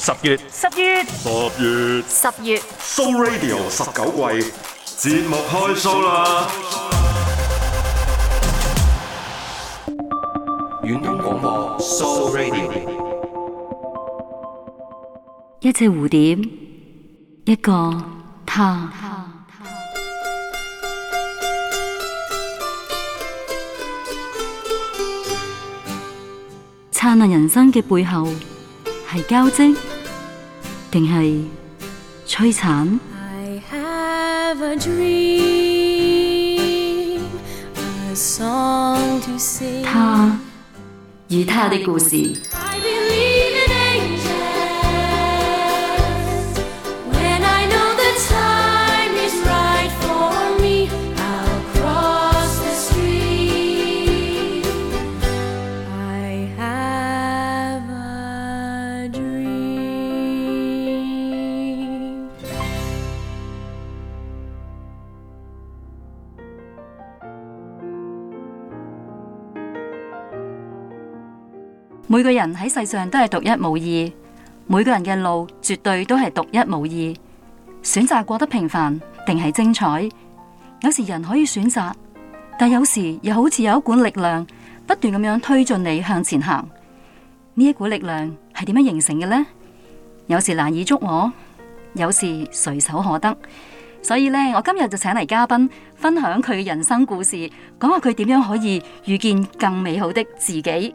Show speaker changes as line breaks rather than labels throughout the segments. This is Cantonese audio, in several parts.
十月十月十月十月，So Radio 十九季節目開 show 啦！軟調廣播 So Radio，
一隻蝴蝶，一個他，燦爛人生嘅背後。係交織，定係摧殘
？I have a dream, a song to sing，他
與她的故事。每個人喺世上都係獨一無二，每個人嘅路絕對都係獨一無二。選擇過得平凡定係精彩？有時人可以選擇，但有時又好似有一股力量不斷咁樣推進你向前行。呢一股力量係點樣形成嘅呢？有時難以捉摸，有時隨手可得。所以呢，我今日就請嚟嘉賓分享佢嘅人生故事，講下佢點樣可以遇見更美好的自己。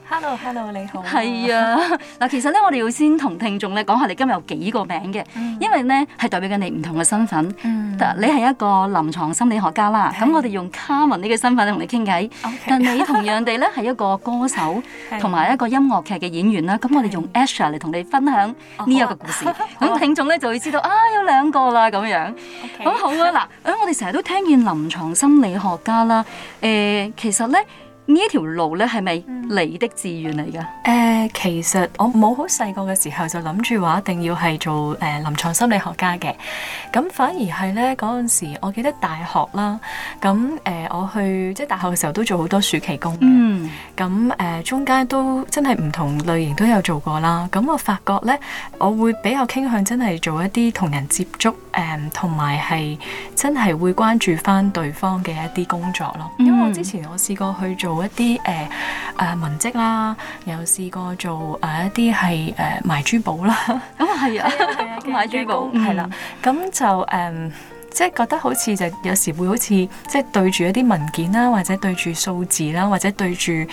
Hello，Hello，你好。係啊，嗱，其實咧，我哋要先同聽眾咧講下，你今日有幾個名嘅，因為咧係代表緊你唔同嘅身份。你係一個臨床心理學家啦，咁我哋用卡文呢個身份同你傾偈。OK。但你同樣地咧係一個歌手，同埋一個音樂劇嘅演員啦。咁我哋用 Asha 嚟同你分享呢一個故事。咁聽眾咧就會知道啊，有兩個啦咁樣。OK。咁好啊，嗱，咁我哋成日都聽見臨床心理學家啦，誒，其實咧。呢一條路咧，係咪你的志願嚟？噶？
誒、呃，其實我冇好細個嘅時候就諗住話一定要係做誒呃、臨床心理學家嘅，咁反而係咧嗰陣時，我記得大學啦，咁誒、呃、我去即係大學嘅時候都做好多暑期工
嘅，
咁誒、mm. 呃、中間都真係唔同類型都有做過啦。咁我發覺咧，我會比較傾向真係做一啲同人接觸，誒、呃，同埋係真係會關注翻對方嘅一啲工作咯。Mm. 因為我之前我試過去做。做一啲誒誒文職啦，又試過做誒、呃、一啲係誒賣珠寶啦，咁啊係啊，
賣 珠寶
寶係、嗯、啦，咁就誒、呃、即係覺得好似就有時會好似即係對住一啲文件啦，或者對住數字啦，或者對住誒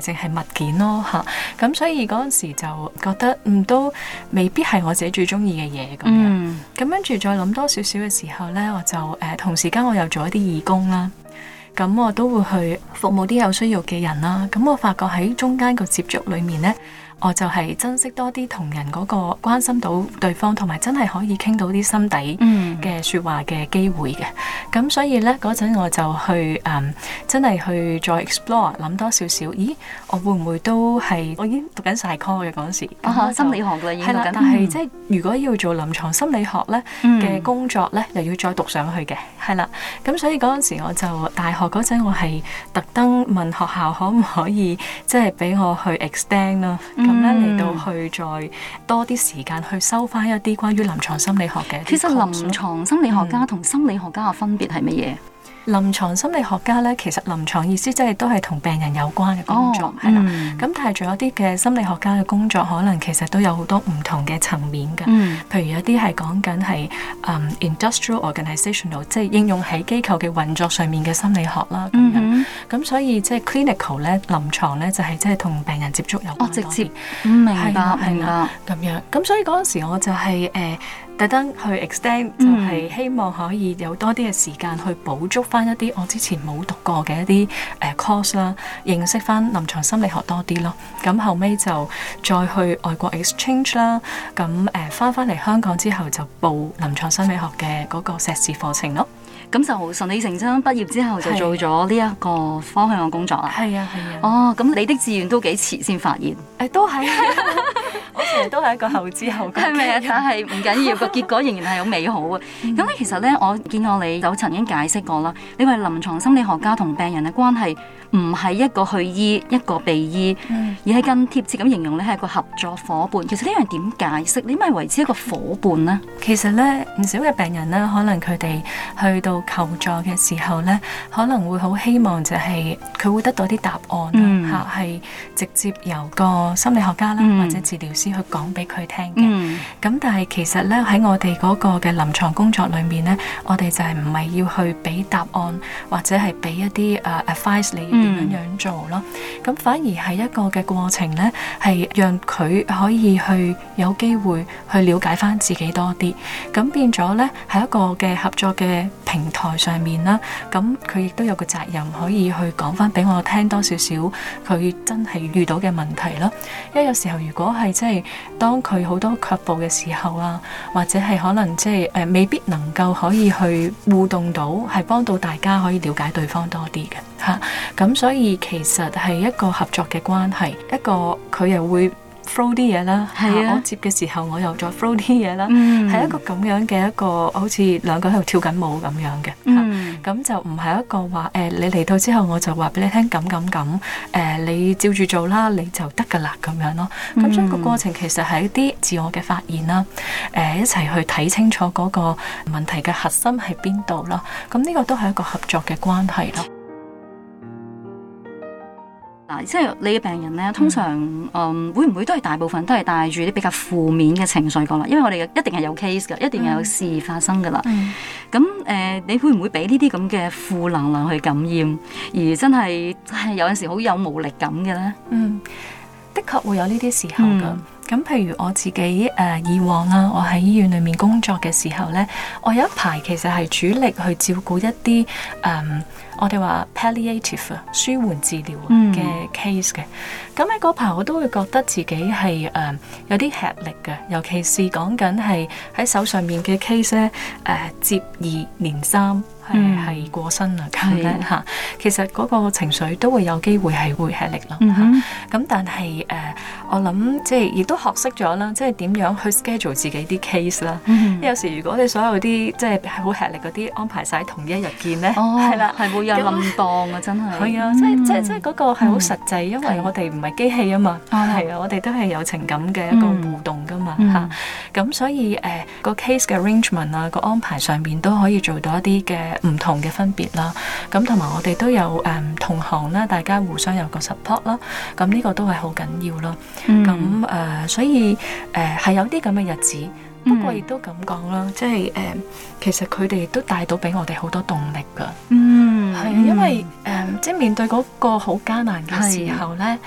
淨係物件咯吓，咁所以嗰陣時就覺得唔、嗯、都未必係我自己最中意嘅嘢咁樣，咁跟住再諗多少少嘅時候咧，我就誒、呃、同時間我又做一啲義工啦。咁我都會去服務啲有需要嘅人啦。咁我發覺喺中間個接觸裏面咧。我就係珍惜多啲同人嗰、嗰個關心到對方，同埋真係可以傾到啲心底嘅説話嘅機會嘅。咁、mm. 所以呢，嗰陣我就去、um, 真係去再 explore，諗多少少，咦，我會唔會都係我已經讀緊晒 course 嘅嗰陣時？啊、oh, 就，心理學嘅已經讀緊。係啦，但係即係如果要做臨床心理學呢嘅工作呢，mm. 又要再讀上去嘅。係啦，咁所以嗰陣時我就大學嗰陣，我係特登問學校可唔可以即係俾我去 extend 咯。Mm. 咁咧嚟到去再多啲時間去收翻一啲關於臨床心理學嘅。其實臨床心理學家同心理學家嘅分別係乜嘢？臨床心理學家咧，其實臨床意思即係都係同病人有關嘅工作，係啦、oh. mm。咁、hmm. 但係仲有啲嘅心理學家嘅工作，可能其實都有好多唔同嘅層面嘅。譬、mm hmm. 如有啲係講緊係 industrial organizational，即係應用喺機構嘅運作上面嘅心理學啦。咁嗯、mm，咁、hmm. 所以即係 clinical 咧，臨床咧就係即係同病人接觸有、oh, 直接，唔對明啊，係啦，咁樣。咁所以嗰陣時我就係、是、誒。呃特登去 extend 就係希望可以有多啲嘅時間去補足翻一啲我之前冇讀過嘅一啲誒 course 啦，認識翻臨牀心理學多啲咯。咁後尾就再去外國 exchange 啦。咁誒翻返嚟香港之後就報臨牀心理學嘅嗰個碩士課程咯。咁就順理成章，畢業之後就做咗
呢一個方向嘅工作啦。係啊，係啊。哦，咁你的志願都幾遲先發現？誒、欸，都
係、啊， 我成日都係一個後知後覺。係咪啊？但
係唔緊要，個 結果仍然係好美好啊。咁 其實咧，我見過你有曾經解釋過啦，你話臨床心理學家同病人嘅關係，唔係一個去醫一個被醫，嗯、而係更貼切咁形容咧係一個合作伙伴。其實呢樣點解釋？你咪為之一個伙伴啦。其實咧，
唔少嘅病人咧，可能佢哋去到求助嘅時候咧，可能會好希望就係、是、佢會得到啲答案嚇，係、嗯、直接由個心理學家啦、嗯、或者治療師去講俾佢聽
嘅。
咁、嗯、但係其實咧喺我哋嗰個嘅臨床工作裏面咧，我哋就係唔係要去俾答案或者係俾一啲誒、uh, advice 你、嗯。咁、嗯、樣做咯，咁反而係一個嘅過程呢係讓佢可以去有機會去了解翻自己多啲，咁變咗呢係一個嘅合作嘅平台上面啦。咁佢亦都有個責任可以去講翻俾我聽多少少，佢真係遇到嘅問題咯。因為有時候如果係即係當佢好多卻步嘅時候啊，或者係可能即、就、係、是呃、未必能夠可以去互動到，係幫到大家可以了解對方多啲嘅。吓咁，啊、所以其實係一個合作嘅關係，一個佢又會 flow 啲嘢啦，我接嘅時候我又再 flow 啲嘢啦，係、嗯、一個咁樣嘅一個，好似兩個喺度跳緊舞咁樣嘅吓，咁、啊嗯啊、就唔係一個話誒、欸，你嚟到之後我就話俾你聽咁咁咁，誒、啊，你照住做啦，你就得噶啦咁樣咯。咁、啊、所以個過程其實係一啲自我嘅發現啦，誒、啊，一齊去睇清楚嗰個問題嘅核心喺邊度啦。咁、啊、呢個都係一個合作嘅關係咯。啊啊
即係你嘅病人咧，通常，嗯，嗯，會唔會都係大部分都係帶住啲比較負面嘅情緒過嚟？因為我哋一定係有 case 噶，一定係有事發生噶啦。咁、嗯，誒、嗯呃，你會唔會俾呢啲咁嘅負能量去感染？
而真係係有
陣時好有無力感嘅咧？嗯，
的確會有呢啲時候噶。嗯咁譬如我自己誒、呃、以往啊，我喺醫院裏面工作嘅時候呢，我有一排其實係主力去照顧一啲誒、呃，我哋話 palliative 啊，舒緩治療嘅 case 嘅。咁喺嗰排我都會覺得自己係誒、呃、有啲吃力嘅，尤其是講緊係喺手上面嘅 case 咧，誒、呃、接二連三。係過身啦咁樣，其實嗰個情緒都會有機會係會吃力咯。咁但係誒，我諗即係亦都學識咗啦，即係點樣去 schedule 自己啲 case 啦。有時如果你所有啲即係好吃力嗰啲安排曬同一日見呢，係啦，係會有冧當啊！真係可以啊！即係即係嗰個係好實際，因為我哋唔係機器啊嘛。係啊，我哋都係有情感嘅一個互動噶嘛嚇。咁所以誒個 case 嘅 arrangement 啊，個安排上面都可以做到一啲嘅。唔同嘅分別啦，咁同埋我哋都有誒、嗯、同行啦，大家互相有個 support 啦，咁呢個都係好緊要咯。咁誒、呃，所以誒係、呃、有啲咁嘅日子，嗯、不過亦都咁講啦，即係誒，其實佢哋都帶到俾我哋好多動力噶。嗯，
係因為
誒、呃，即係面對嗰個好艱難嘅時候咧。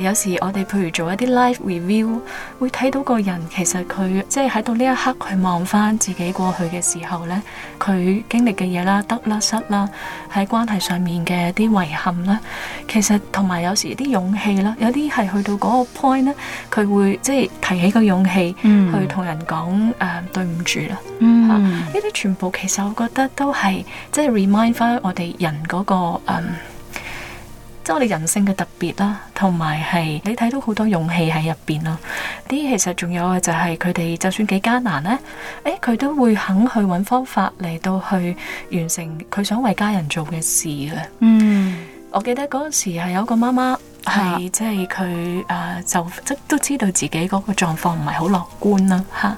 有時我哋譬如做一啲 live review，會睇到個人其實佢即係喺到呢一刻去望翻自己過去嘅時候呢，佢經歷嘅嘢啦，得啦失啦，喺關係上面嘅啲遺憾啦，其實同埋有，有時啲勇氣啦，有啲係去到嗰個 point 呢，佢會即係提起個勇氣、mm hmm. 去同人講誒、呃、對唔住啦，嚇呢啲全部其實我覺得都係即係 remind 翻我哋人嗰個即係我哋人性嘅特別啦，同埋係你睇到好多勇氣喺入邊咯。呢啲其實仲有嘅，就係佢哋就算幾艱難咧，誒、哎、佢都會肯去揾方法嚟到去完成佢想為家人做嘅事嘅。嗯，我記得嗰陣時係有一個媽媽。係即係佢誒，就即都知道自己嗰個狀況唔係好樂觀啦吓。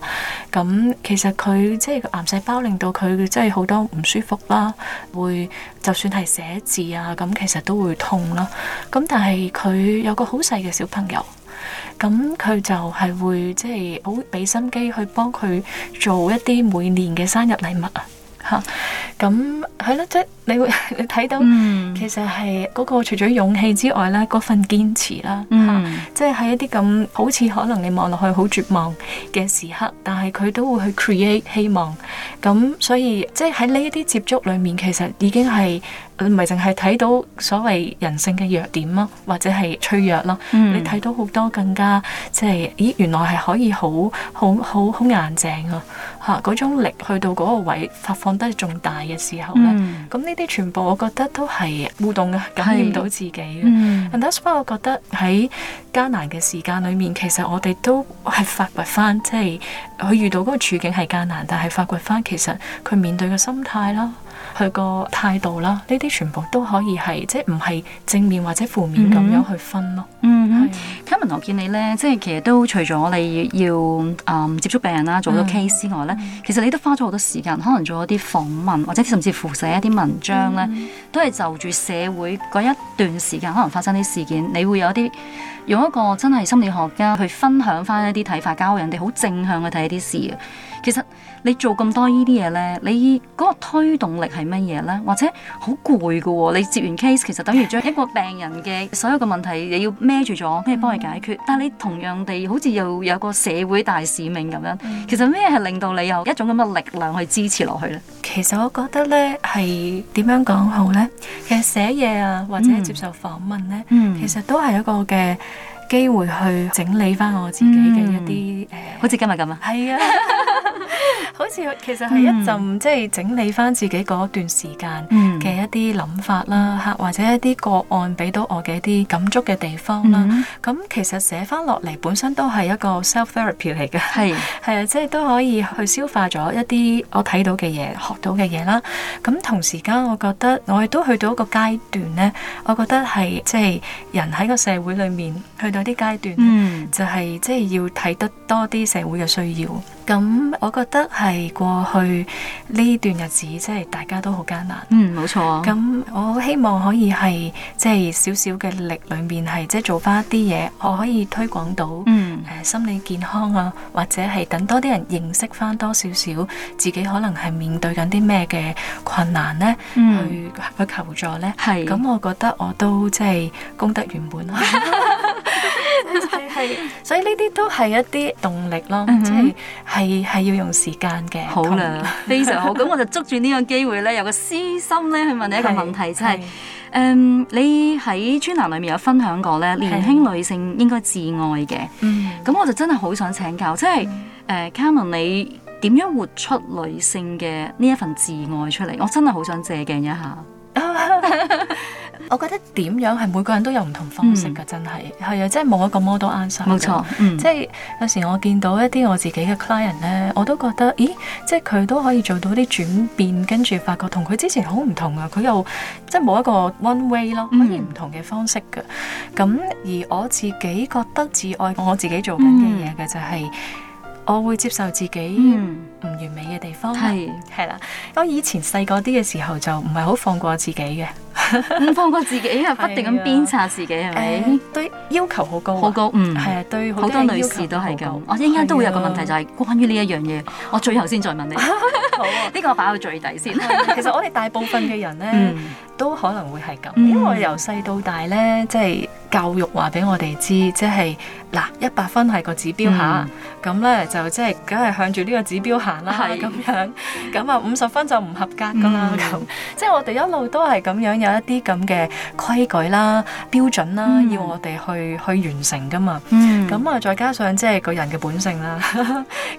咁，啊，其實佢即係癌細胞令到佢即係好多唔舒服啦，會就算係寫字啊，咁其實都會痛啦。咁但係佢有個好細嘅小朋友，咁佢就係會即係好俾心機去幫佢做一啲每年嘅生日禮物啊吓。咁係咯即。你會你睇到、嗯、其實係嗰個除咗勇氣之外咧，嗰份堅持啦、啊，吓、嗯啊，即係喺一啲咁好似可能你望落去好絕望嘅時刻，但係佢都會去 create 希望。咁所以即係喺呢一啲接觸裏面，其實已經係唔係淨係睇到所謂人性嘅弱點咯、啊、或者係脆弱咯，嗯、你睇到好多更加即係咦，原來係可以好好好好硬淨啊吓、啊、嗰種力去到嗰個位，發放得仲大嘅時候咧，咁呢？嗯呢啲全部，我覺得都係互動啊，是感染到自己。Mm. And that's why 我覺得喺艱難嘅時間裏面，其實我哋都係發掘翻，即係佢遇到嗰個處境係艱難，但係發掘翻其實佢面對嘅心態啦。佢個態度啦，呢啲全部都可以係即係唔係正面或者負面咁、mm hmm. 樣去分咯。嗯、mm，係、hmm. 是。Ken 我見你咧，即
係其實都除咗你要啊、嗯、接觸病人啦，做咗 case 之外咧，mm hmm. 其實你都花咗好多時間，可能做咗啲訪問，或者甚至乎寫一啲文章咧，mm hmm. 都係就住社會嗰一段時間可能發生啲事件，你會有啲用一個真係心理學家去分享翻一啲睇法，交人哋好正向去睇一啲事其實你做咁多呢啲嘢呢，你嗰個推動力係乜嘢呢？或者好攰㗎喎，你接完 case 其實等於將一個病人嘅所有嘅問題要你要孭住咗，跟住幫佢解決。嗯、但係你同樣地好似又有個社會大使命咁樣。嗯、其實咩係令到你有一種咁嘅力量
去支持落去呢？其實我覺得呢係點樣講好呢？其實寫嘢啊，或者接受訪問呢，嗯、其實都係一個嘅機會去整理返我自己嘅一啲好似今日咁係啊，係啊。好似其實係一陣、mm. 即係整理翻自己嗰段時間嘅一啲諗法啦吓，mm. 或者一啲個案俾到我嘅一啲感觸嘅地方啦。咁、mm hmm. 其實寫翻落嚟本身都係一個 self therapy 嚟嘅，係係啊，即係都可以去消化咗一啲我睇到嘅嘢、學到嘅嘢啦。咁同時間，我覺得我亦都去到一個階段咧，我覺得係即係人喺個社會裏面去到一啲階段，mm. 就係、是、即係要睇得多啲社會嘅需要。咁，我覺得係過去呢段日子，即係大家都好艱難。嗯，冇錯。咁，我希望可以係即係少少嘅力裏面，係即係做翻一啲嘢，我可以推廣到，誒心理健康啊，或者係等多啲人認識翻多少少自己可能係面對緊啲咩嘅困難呢，去去求助呢，係。咁我覺得我都即係功德圓滿咯。係所以呢啲都係一啲動力咯，即係。係係要用時間嘅，好啦了，這樣 非常好。咁 我
就捉住呢個機會咧，有個私心咧去問你一個問題，就係，誒，你喺專欄裏面有分享過咧，年輕女性應該自愛嘅。嗯是，咁我就真係好想請教，即係，誒 Carmen 你點樣活出女性嘅呢一份自愛出嚟？我真係好想借鏡一下。
我覺得點樣係每個人都有唔同方式㗎，真係係啊，真係冇一個 model answer。冇錯，嗯、即係有時我見到一啲我自己嘅 client 咧，我都覺得，咦，即係佢都可以做到啲轉變，跟住發覺同佢之前好唔同啊！佢又即係冇一個 one way 咯，可以唔同嘅方式嘅。咁、嗯、而我自己覺得，自愛我自己做緊嘅嘢嘅就係，我會接受自己。嗯嗯唔完美嘅地方，係係啦。我以前細個啲嘅時候就唔係好放過自己嘅，唔放
過自己，因為不斷咁鞭策自己，係咪？
對要求好高，好高，嗯，係啊，對好多女士
都係咁。我一陣間都會有個問題，就係關於呢一樣嘢，我最後先再問你。
好啊，呢個我擺到最底先。其實我哋大部分嘅人咧，都可能會係咁，因為我哋由細到大咧，即係教育話俾我哋知，即係嗱一百分係個指標吓，咁咧就即係梗係向住呢個指標係咁、嗯、樣，咁啊五十分就唔合格噶啦咁、嗯，即係我哋一路都係咁樣有一啲咁嘅規矩啦、標準啦，要我哋去去完成噶嘛。咁啊、嗯，再加上即係個人嘅本性啦，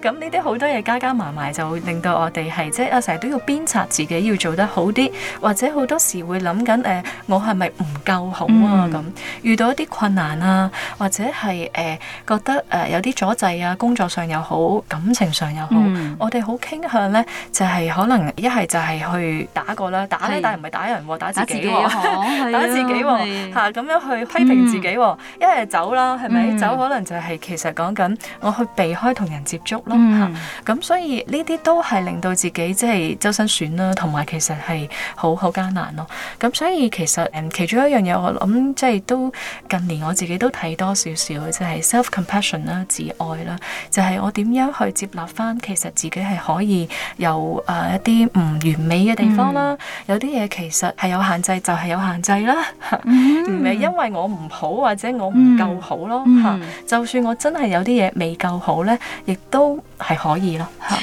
咁呢啲好多嘢，加加埋埋就會令到我哋係即係成日都要鞭策自己要做得好啲，或者好多時會諗緊誒，我係咪唔夠好啊？咁、嗯、遇到一啲困難啊，或者係誒、呃、覺得誒、呃、有啲阻滯啊，工作上又好，感情上又好。我哋好傾向咧，就係、是、可能一係就係去打過啦，打咧，的但係唔係打人喎，打自己喎、啊，的 打自己喎、啊、咁樣去批評自己喎、啊。一係、嗯、走啦，係咪？嗯、走可能就係其實講緊我去避開同人接觸咯嚇。咁、嗯啊、所以呢啲都係令到自己即係周身損啦、啊，同埋其實係好好艱難咯、啊。咁所以其實誒、嗯、其中一樣嘢，我諗即係都近年我自己都睇多少少，即係 self compassion 啦，自愛啦，就係、是、我點樣去接納返其實自己佢係可以有誒一啲唔完美嘅地方啦，有啲嘢其實係有限制就係有限制啦，唔係因為我唔好或者我唔夠好咯嚇。就算我真係有啲嘢未夠好咧，亦都係可以咯嚇。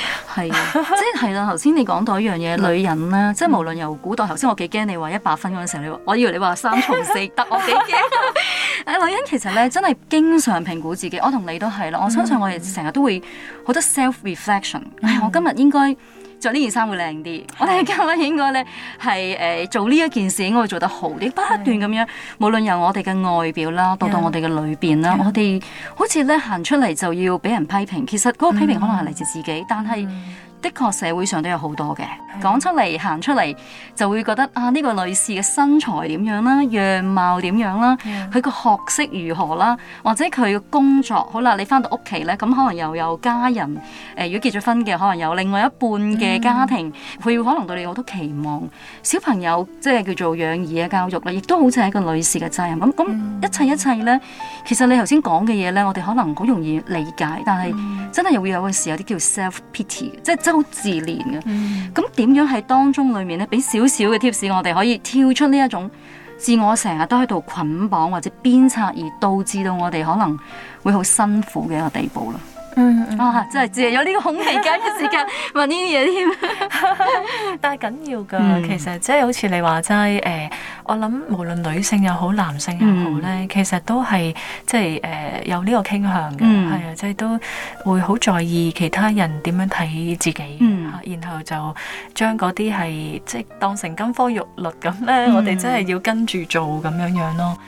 即係係啦。
頭先你講到一樣嘢，女人啦，即係無論由古代頭先，我幾驚你話一百分嗰陣時，你我以為你話三從四德，我幾驚。誒，女人其實咧真係經常評估自己，我同你都係啦。我相信我哋成日都會好多 self reflection。唉、哎，我今日應該着呢件衫會靚啲。我哋今日應該咧係誒做呢一件事應該會做得好啲，不斷咁樣，的無論由我哋嘅外表啦，到到我哋嘅裏邊啦，的我哋好似咧行出嚟就要俾人批評。其實嗰個批評可能係嚟自自己，嗯、但係是。嗯的確社會上都有好多嘅講的出嚟行出嚟就會覺得啊呢、呢個女士嘅身材點樣啦樣貌點樣啦佢個學識如何啦或者佢嘅工作好啦你翻到屋企咧咁可能又有家人誒、呃、如果結咗婚嘅可能有另外一半嘅家庭佢、嗯、可能對你好多期望小朋友即係叫做養兒嘅教育啦亦都好似係一個女士嘅責任咁咁一切一切咧其實你頭先講嘅嘢咧我哋可能好容易理解，但係、嗯嗯、真係又會有時有啲叫 self pity 即係。都自憐嘅，咁點樣喺當中裏面咧，俾少少嘅 tips，我哋可以跳出呢一種自我，成日都喺度捆綁或者鞭策，而導致到我哋可能會好辛
苦嘅一個地步咯。
嗯，哇！真係借咗呢個空期間嘅時間問呢啲嘢添，
但係緊要噶。其實即係好似你話齋誒，我諗無論女性又好，男性又好咧，其實都係即係誒有呢個傾向嘅。係啊，即係都會好在意其他人點樣睇自己，然後就將嗰啲係即係當成金科玉律咁咧，我哋真係要跟住做咁樣樣咯。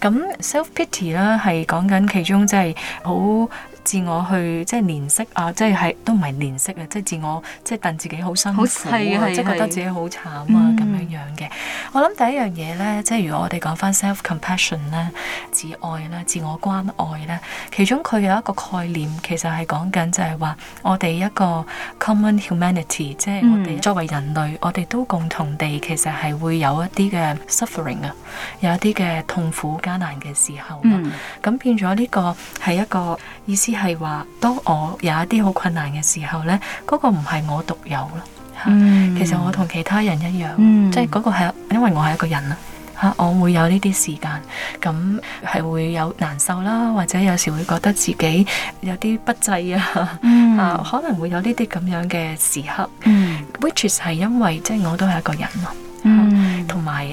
咁 self pity 咧，係講緊其中即係好。自我去即係憐惜啊，即係係都唔係憐惜啊，即係自我即係戥自己好辛苦啊，即係覺得自己好慘啊咁、嗯、樣樣嘅。我諗第一樣嘢咧，即係如果我哋講翻 self compassion 啦，compassion, 自愛啦，自我關愛啦，其中佢有一個概念，其實係講緊就係話我哋一個 common humanity，、嗯、即係我哋作為人類，我哋都共同地其實係會有一啲嘅 suffering 啊，有一啲嘅痛苦艱難嘅時候啊，咁、嗯、變咗呢個係一個意思。係話，當我有一啲好困難嘅時候呢，嗰、嗰個唔係我獨有咯。吓、啊，mm. 其實我同其他人一樣，即係嗰個係，因為我係一個人啦。吓、啊，我會有呢啲時間，咁、啊、係會有難受啦，或者有時會覺得自己有啲不濟啊，mm. 啊，可能會有呢啲咁樣嘅時刻。Mm. Which is 係因為，即係我都係一個人咯。啊 mm.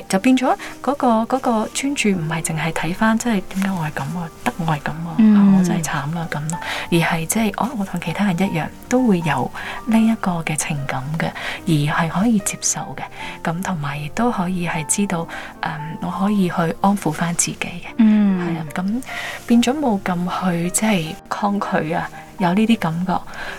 就變咗嗰個嗰個專注，唔係淨係睇翻，即係點解我係咁啊？得我係咁啊？、嗯、啊！我真係慘啦咁咯，而係即係，哦，我我同其他人一樣，都會有呢一個嘅情感嘅，而係可以接受嘅，咁同埋亦都可以係知道誒，嗯，我可以去安撫翻自己嘅，係，嗯、啊，咁變咗冇咁去即係抗拒啊。有呢啲感覺，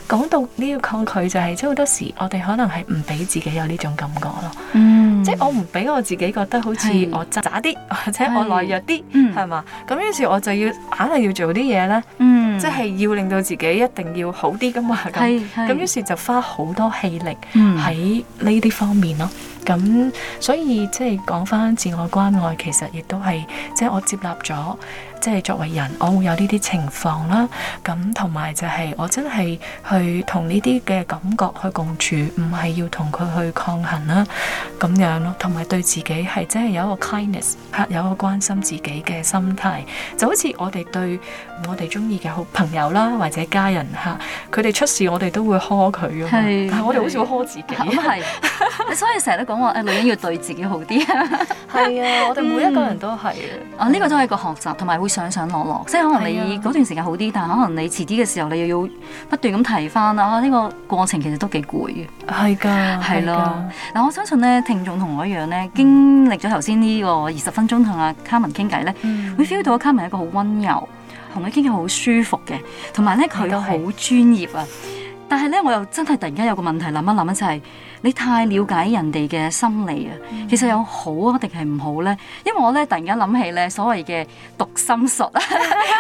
講到呢個抗拒就係、是，即係好多時我哋可能係唔俾自己有呢種感覺咯。嗯，即係我唔俾我自己覺得好似我渣啲，是或者我懦弱啲，係嘛？咁、嗯、於是我就要，肯定要做啲嘢咧。嗯，即係要令到自己一定要好啲㗎嘛。咁咁於是就花好多氣力喺呢啲方面咯。咁所以即係講翻自我關愛，其實亦都係即係我接納咗。即係作為人，我會有呢啲情況啦，咁同埋就係我真係去同呢啲嘅感覺去共處，唔係要同佢去抗衡啦，咁樣咯，同埋對自己係真係有一個 kindness，有一個關心自己嘅心態，就好似我哋對我哋中意嘅好朋友啦，或者家人吓，佢哋出事我哋都會呵佢，係我哋好少會呵自
己，是 所以成日都講話誒，女 人要對自己好啲啊，係 啊，我哋每一個人都係、嗯嗯、啊呢、這個都係一個學習，同埋會。上上落落，即係可能你嗰段時間好啲，啊、但係可能你遲啲嘅時候，你又要不斷咁提翻啊！呢、呢個過程其實都幾攰嘅。
係㗎，係咯。
嗱，我相信咧，聽眾同我一樣咧，嗯、經歷咗頭先呢個二十分鐘同阿卡文傾偈咧，嗯、會 feel 到卡文一個好温柔，同佢傾偈好舒服嘅，同埋咧佢好專業啊。但係咧，我又真係突然間有個問題諗一諗，就係、是、你太了解人哋嘅心理啊。其實有好一定係唔好咧，因為我咧突然間諗起咧，所謂嘅讀心術，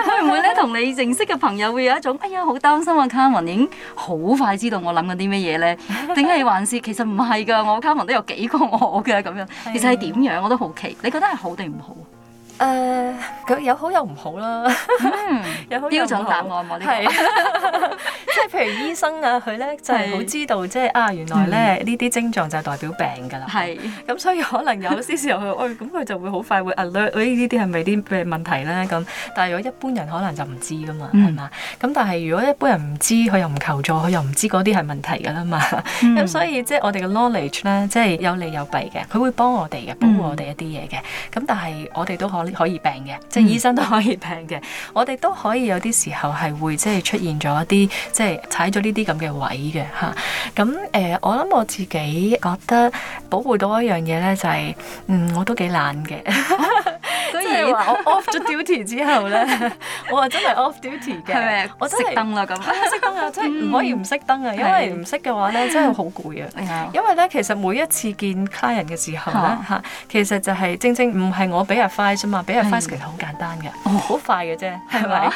會唔會咧同你認識嘅朋友會有一種，哎呀，好擔心啊！卡文已經好快知道我諗緊啲咩嘢咧，定係還是其實唔係噶，我卡文都有幾個我嘅咁樣。其實係點樣我都好奇，你覺得係好定
唔好？誒，uh, 有好有唔好啦。標 準答案我哋話，即係譬如醫生啊，佢咧就係、是、好知道，即係啊，原來咧呢啲、mm. 症狀就係代表病㗎啦。係、mm. 嗯。咁所以可能有少，時候佢，哦，咁佢就會好快會 alert、哎，呢呢啲係咪啲病問題咧？咁，但係如果一般人可能就唔知㗎嘛，係嘛、mm.？咁但係如果一般人唔知，佢又唔求助，佢又唔知嗰啲係問題㗎啦嘛。咁、mm. 嗯、所以即係我哋嘅 knowledge 咧，即係有利有弊嘅。佢會幫我哋嘅，保護我哋、mm. 一啲嘢嘅。咁但係我哋都可。可以病嘅，即係醫生都可以病嘅。嗯、我哋都可以有啲時候係會即係、就是、出現咗一啲，即係踩咗呢啲咁嘅位嘅吓。咁、啊、誒、呃，我諗我自己覺得保護到一樣嘢咧，就係嗯，我都幾懶嘅。所以話我 off 咗 duty 之後咧， 我話真係 off duty 嘅。係咪 啊？我真係熄燈啦，咁熄燈啊，真係唔可以唔熄燈啊，因為唔熄嘅話咧，真係好攰啊。因為咧，其實每一次見 client 嘅時候咧吓， 其實就係正正唔係我俾阿。話俾個 advice 其實好簡單嘅，哦，好快嘅啫，係咪吧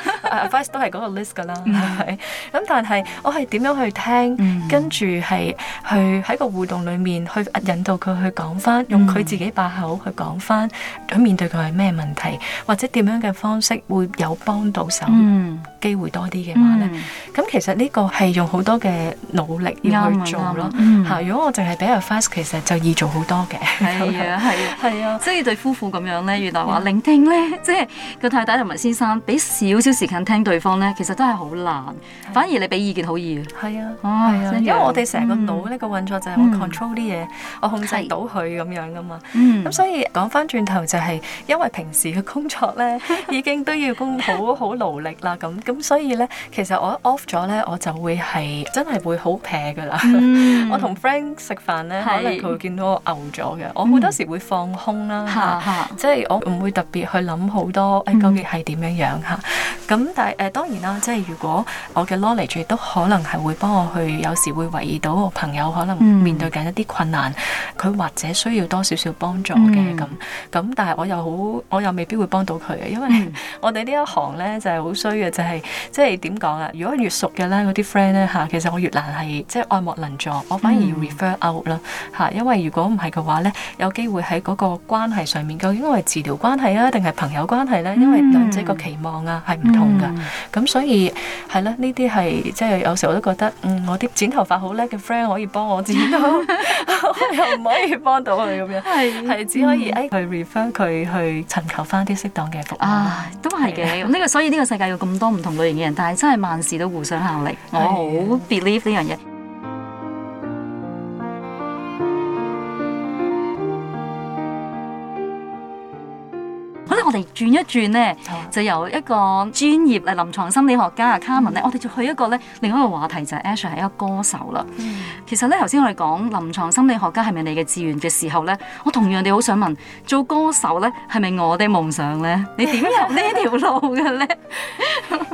？advice 都係嗰個 list 噶啦，係咪、mm？咁、hmm. 但係我係點樣去聽，mm hmm. 跟住係去喺個互動裏面去引導佢去講翻，用佢自己把口去講翻，咁面對佢係咩問題，或者點樣嘅方式會有幫到手。Mm hmm. 機會多啲嘅話咧，咁其實呢個係用好多嘅努力要去做咯吓。如果我淨係比較 fast，其實就易做好多嘅。
係啊，係啊，係啊。所以對夫婦咁樣咧，原來話聆聽咧，即係個太太同埋先生俾少少時間聽對方咧，其實真係
好難。反而你俾意見好易。係啊，係啊，因為我哋成個腦呢個運作就係我 control 啲嘢，我控制到佢咁樣㗎嘛。咁所以講返轉頭就係因為平時嘅工作咧，已經都要工好好努力啦咁。咁所以咧，其實我 off 咗咧，我就會係真係會好撇㗎喇。我同 friend 食飯咧，可能佢會見到我嘔咗嘅。嗯、我好多時會放空啦，即係我唔會特別去諗好多。誒、哎，嗯、究竟係點樣樣嚇？咁、啊、但係誒、呃，當然啦，即係如果我嘅 knowledge 亦都可能係會幫我去，有時會留意到我朋友可能面對緊一啲困難，佢、嗯、或者需要多少少幫助嘅咁。咁、嗯、但係我又好，我又未必會幫到佢嘅，因為我哋呢一行咧就係好衰嘅，就係、是。即係點講啊？如果越熟嘅咧，嗰啲 friend 咧嚇，其實我越難係即係愛莫能助，我反而要 refer out 啦嚇。因為如果唔係嘅話咧，有機會喺嗰個關係上面，究竟係治療關係啊，定係朋友關係咧？因為患者個期望啊係唔同嘅，咁所以係啦，呢啲係即係有時我都覺得，我啲剪頭髮好叻嘅 friend 可以幫我剪到，又唔可以幫到佢咁樣，係只可以去 refer 佢去尋求翻啲適當嘅服務啊，
都係嘅。呢個所以呢個世界有咁多唔同。同類型嘅人，但係真係萬事都互相效力，我好 believe 呢樣嘢。我哋轉一轉咧，就由一個專業誒臨牀心理學家啊，Carman 咧，我哋就去一個咧，另一個話題就係 Asher 係一個歌手啦。其實咧，頭先我哋講臨牀心理學家係咪你嘅志願嘅時候咧，我同樣地好想問，做歌手咧係咪我嘅夢想咧？你點入呢條路嘅咧？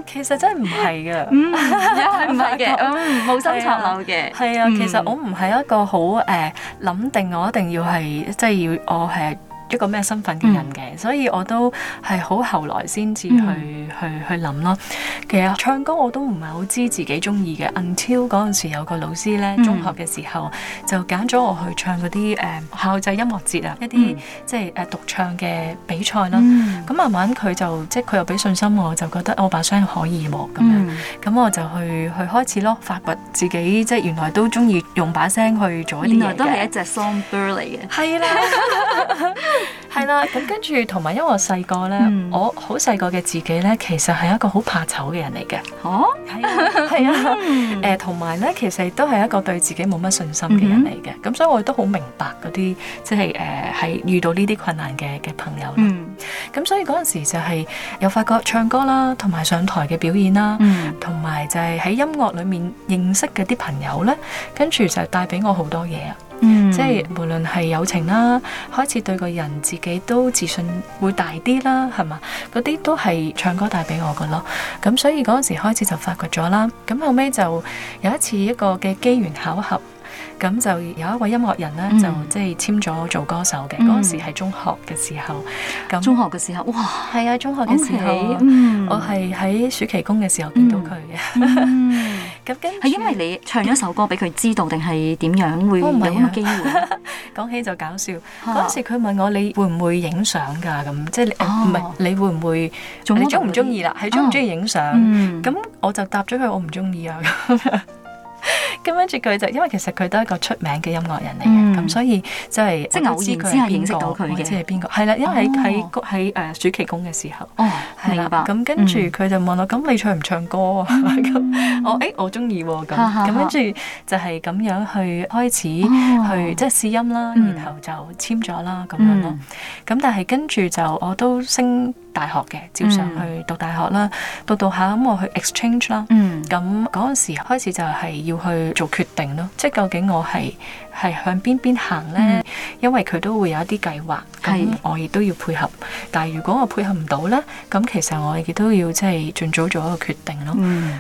其實真係
唔係
嘅，唔係嘅，冇心插柳嘅。
係啊，其實我唔係一個好誒諗定我一定要係，即係要我係。一個咩身份嘅人嘅，mm. 所以我都係好後來先至去、mm. 去去諗咯。其實唱歌我都唔係好知自己中意嘅，until 嗰陣時有個老師咧，中學嘅時候就揀咗我去唱嗰啲誒校際音樂節啊，mm. 一啲即係誒獨唱嘅比賽啦。咁、mm. 慢慢佢就即係佢又俾信心我，就覺得我把聲可以喎咁樣。咁、mm. 我就去去開始咯，發掘自己即係原來都中意用把聲去做啲嘢。原來都係一隻 songbird 嚟嘅，係啦。係啦，咁 跟住同埋，因為我細個咧，嗯、我好細個嘅自己咧，其實係一個好怕醜嘅人嚟嘅。哦，係啊，誒，同埋咧， 其實都係一個對自己冇乜信心嘅人嚟嘅。咁、嗯、所以我都好明白嗰啲即係誒喺遇到呢啲困難嘅嘅朋友。嗯，咁所以嗰陣時就係有發覺唱歌啦，同埋上台嘅表演啦，同埋、嗯、就係喺音樂裏面認識嘅啲朋友咧，跟住就帶俾我好多嘢啊。Mm hmm. 即係無論係友情啦，開始對個人自己都自信會大啲啦，係嘛？嗰啲都係唱歌帶俾我噶咯。咁所以嗰陣時開始就發掘咗啦。咁後尾就有一次一個嘅機緣巧合，咁就有一位音樂人咧、mm hmm. 就即係簽咗做歌手嘅。嗰陣、mm hmm. 時係中學嘅時候。咁中學嘅時候，哇！係啊，中學嘅時候，okay. mm hmm. 我係喺暑期工嘅時候見到佢嘅。Mm hmm. 咁跟係因為你唱咗首歌俾佢知道定係點樣會有咁嘅機會？講、哦啊、起就搞笑，嗰、啊、時佢問我你會唔會影相㗎？咁即係你唔係你會唔會？有你中唔中意啦？係中唔中意影相？咁我就答咗佢，我唔中意啊。咁跟住佢就，因為其實佢都係一個出名嘅音樂人嚟嘅，咁所以即係即係我先佢認識到佢嘅，我知係邊個，係啦，因為喺喺喺誒暑期工嘅時候，明白。咁跟住佢就問我，咁你唱唔唱歌啊？咁我誒我中意咁，咁跟住就係咁樣去開始去即係試音啦，然後就簽咗啦咁樣咯。咁但係跟住就我都升大學嘅照上去讀大學啦，到、嗯、到下咁我去 exchange 啦、嗯，咁嗰陣時開始就係要去做決定咯，即係究竟我係。嗯係向邊邊行呢？嗯、因為佢都會有一啲計劃，咁、嗯、我亦都要配合。是但係如果我配合唔到呢，咁其實我亦都要即係盡早做一個決定咯。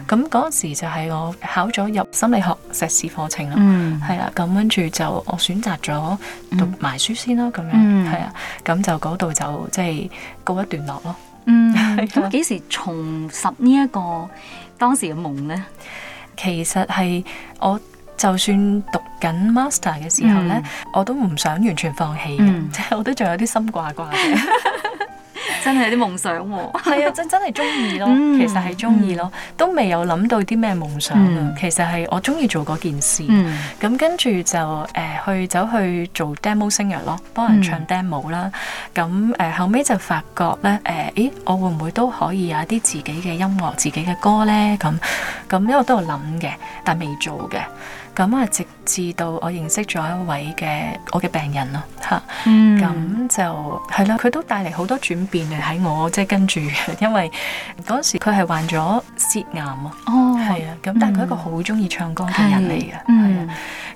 咁嗰、嗯、時就係我考咗入心理學碩士課程啦，係啦、嗯。咁、啊、跟住就我選擇咗讀埋書先咯，咁樣係啊。咁就嗰度就即係告一段落咯。嗯，咁幾、 嗯、時重拾呢一個當時嘅夢呢？其實係我。就算讀緊 master 嘅時候呢，我都唔想完全放棄嘅，即係我都仲有啲心掛掛嘅，真係有啲夢想喎。係啊，真真係中意咯，其實係中意咯，都未有諗到啲咩夢想。其實係我中意做嗰件事，咁跟住就誒去走去做 demo singer 咯，幫人唱 demo 啦。咁誒後尾就發覺呢，誒，咦，我會唔會都可以有一啲自己嘅音樂、自己嘅歌呢？咁咁，因為都有諗嘅，但未做嘅。咁啊，直至到我認識咗一位嘅我嘅病人、嗯啊、就啦，吓，咁就係啦，佢都帶嚟好多轉變嘅喺我，即、就、係、係、跟住，因為嗰時佢係患咗舌癌、哦、啊，係啊，咁但係佢一個好中意唱歌嘅人嚟嘅，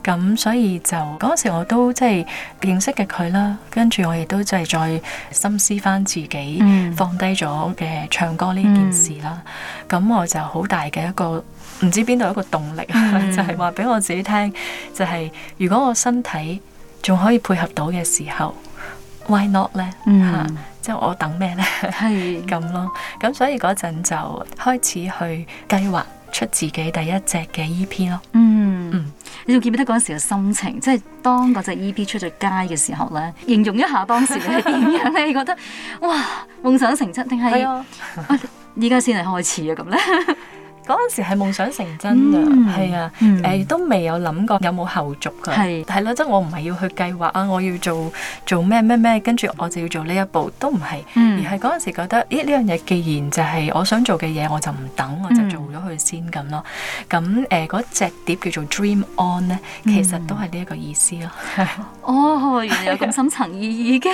咁、啊、所以就嗰時我都即係認識嘅佢啦，跟住我亦都即係再深思翻自己，放低咗嘅唱歌呢件事啦，咁、嗯嗯、我就好大嘅一個。唔知邊度有一個動力，mm hmm. 就係話俾我自己聽，就係、是、如果我身體仲可以配合到嘅時候，why not 呢？吓、mm，即、hmm. 係 我等咩呢？係咁咯。咁所以嗰陣就開始去計劃出自己第一隻嘅 EP 咯。嗯，你仲記唔記得嗰陣時嘅心情？即、就、
係、是、當嗰隻 EP 出咗街嘅時候呢，形容一下當時係點樣咧？你覺得 哇，夢想成真定係
依家先係開始啊？咁呢。 」嗰陣時係夢想成真㗎，係、嗯、啊，誒、啊、都未有諗過有冇後續㗎，係係咯，即係我唔係要去計劃啊，我要做做咩咩咩，跟住我就要做呢一步，都唔係，而係嗰陣時覺得，咦呢樣嘢既然就係我想做嘅嘢，我就唔等，我就做咗佢先咁咯。咁誒嗰隻碟叫做 Dream On 咧，嗯、其實都係呢一個意思咯。
哦、喔，原來有咁深層意義嘅，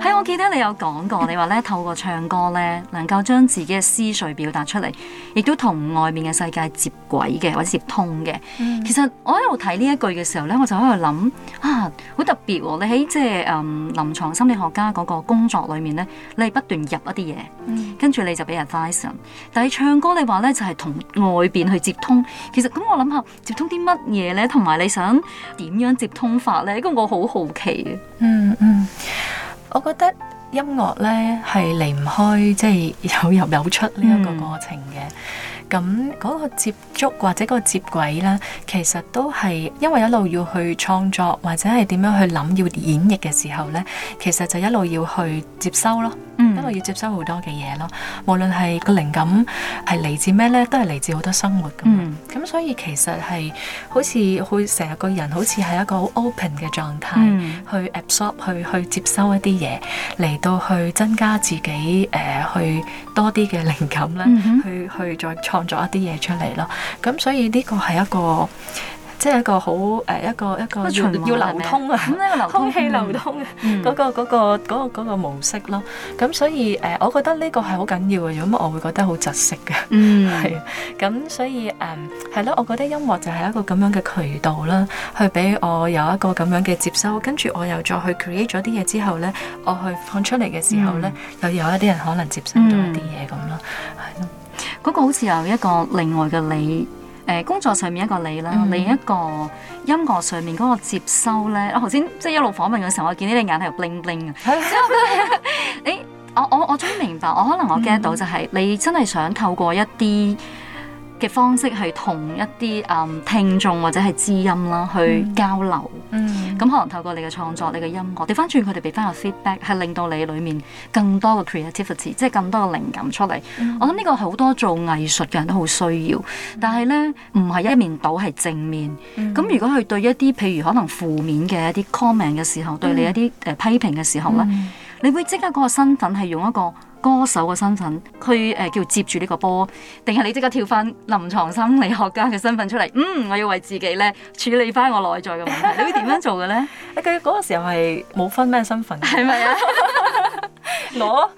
係、mm、 我記得你有講過，你話咧透過唱歌咧，能夠將自己嘅思緒表達出嚟。Link, 亦都同外面嘅世界接軌嘅，或者接通嘅。嗯、其實我喺度睇呢一句嘅時候咧，我就喺度諗啊，好特別喎、啊！你喺即係誒臨床心理學家嗰個工作裏面咧，你係不斷入一啲嘢，跟住、嗯、你就俾人 advice。但係唱歌你話咧就係、是、同外邊去接通，其實咁我諗下接通啲乜嘢咧，同埋你想點樣接通法咧？咁我好好奇
嘅、啊。嗯嗯，我覺得。音樂呢係離唔開即係、就是、有入有出呢一個過程嘅，咁嗰、嗯、個接觸或者嗰個接軌呢，其實都係因為一路要去創作或者係點樣去諗要演繹嘅時候呢，其實就一路要去接收咯。Mm. 因為要接收好多嘅嘢咯，無論係個靈感係嚟自咩咧，都係嚟自好多生活㗎嘛。咁、mm. 所以其實係好似會成個人好似係一個好 open 嘅狀態，mm. 去 absorb 去去接收一啲嘢，嚟到去增加自己誒、呃、去多啲嘅靈感咧，mm hmm. 去去再創作一啲嘢出嚟咯。咁所以呢個係一個。即係一個好誒、呃、一個一個要，環要流通啊，咁一個流通、啊、空氣流通嗰、啊嗯嗰個嗰、嗰個嗰個嗰個模式咯、啊。咁所以誒、呃，我覺得呢個係好緊要嘅，如果我會覺得好窒息嘅。嗯、啊，係。咁所以誒，係、呃、咯、啊，我覺得音樂就係一個咁樣嘅渠道啦，去俾我有一個咁樣嘅接收，跟住我又再去 create 咗啲嘢之後咧，我去放出嚟嘅時候咧，又、嗯、有一啲人可能接收到一啲嘢咁咯，係咯、嗯。嗰、啊、個好似有
一個另外嘅你。誒工作上面一個你啦，另、嗯、一個音樂上面嗰個接收咧，我頭先即係一路訪問嘅時候，我見到呢隻眼係 bling bling 嘅。你、 欸、我我我終於明白，我可能我 get 到就係、是嗯、你真係想透過一啲。嘅方式係同一啲嗯，聽眾或者係知音啦去交流，咁、嗯、可能透過你嘅創作、嗯、你嘅音樂，掉翻轉佢哋俾翻個 feedback，係令到你裏面更多嘅 creativity，即係更多嘅靈感出嚟。嗯、我諗呢個好多做藝術嘅人都好需要，嗯、但係咧唔係一面倒係正面。咁、嗯、如果佢對一啲譬如可能負面嘅一啲 comment 嘅時候，嗯、對你一啲誒批評嘅時候咧，嗯嗯、你會即刻嗰個身份係用一個。歌手嘅身份，佢誒、呃、叫接住呢個波，定係你即刻跳翻臨床心理學家嘅身份出嚟？嗯，我要為自己咧處理翻我內在嘅
問題，你 會點樣做嘅咧？佢嗰個時候係冇分咩身份嘅，係咪啊？我